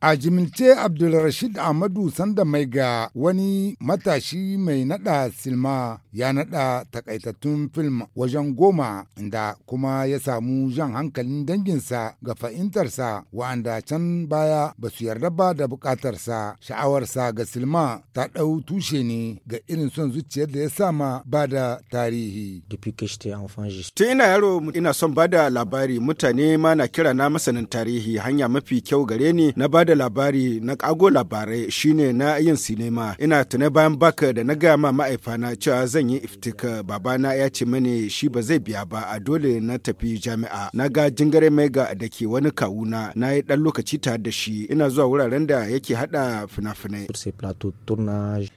A jimince Abdulrashid Ahmadu Sanda mai ga wani matashi mai nada silma ya nada takaitattun film wajen goma inda kuma ya samu jan hankalin danginsa ga fahimtarsa wa'anda can baya ba su yarda ba da bukatarsa sha'awarsa ga silma ta ɗau tushe ne ga irin son zuciyar da ya sama ba da tarihi. Tun ina yaro ina son ba da labari mutane ma na kira na masanin tarihi hanya mafi kyau gare ni na ba da labari na kago labarai shine na yin sinema. Ina tuna bayan baka da na gaya ma ma'aifana cewa zan yi iftika babana ya ce mani shi ba zai biya ba a dole na tafi jami'a. Na ga jingare mai ga da ke wani kawuna na yi dan lokaci tare da shi ina zuwa wuraren da yake hada fina-finai.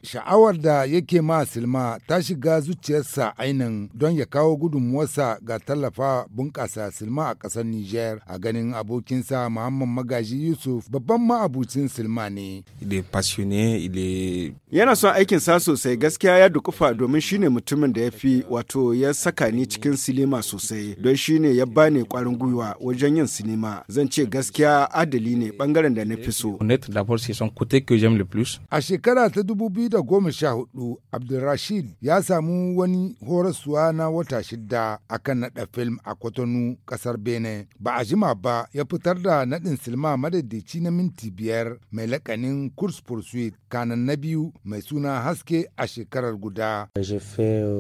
Sha'awar da yake ma silma ta shiga zuciyarsa ainin don ya kawo gudunmuwarsa ga tallafa bunƙasa silma a ƙasar niger a ganin abokinsa Muhammad Magaji Yusuf babban babban ma'abucin silma ne. Yana son aikin sa sosai gaskiya ya dukufa domin shine mutumin da ya fi wato ya saka ni cikin silima sosai don shine ya bani kwarin gwiwa wajen yin silima zan ce gaskiya adali ne bangaren da na fi so. A shekara ta da goma sha 2014 Abdulrashid ya samu wani horaswa na wata shida akan naɗa film a kwatanu kasar Benin ba a jima ba ya fitar da naɗin silma madaidaici na min minti biyar mai lakanin course pursuit kanan na biyu mai suna haske a shekarar guda.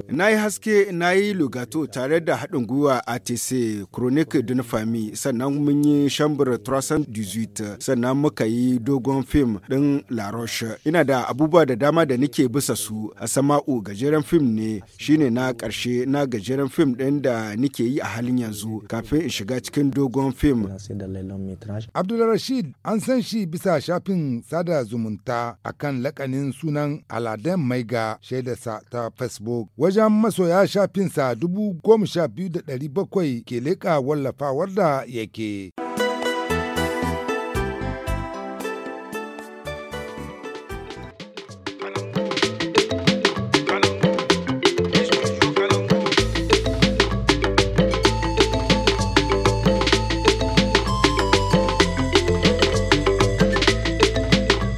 Na yi haske na yi lugato tare da haɗin gwiwa ATC Chronic Dunfami sannan mun yi Chambre 318 sannan muka yi dogon fim ɗin La Roche. Ina da abubuwa da dama da nake bisa su a sama'u gajeren fim ne shine na ƙarshe na gajeren fim ɗin da nike yi a halin yanzu kafin in shiga cikin dogon fim. Abdulrashid an san kan shi bisa shafin sada zumunta a kan lakanin sunan Aladen Maiga shaidarsa ta Facebook. Wajen masoya shafinsa dubu da bakwai ke leƙa wallafawar da yake.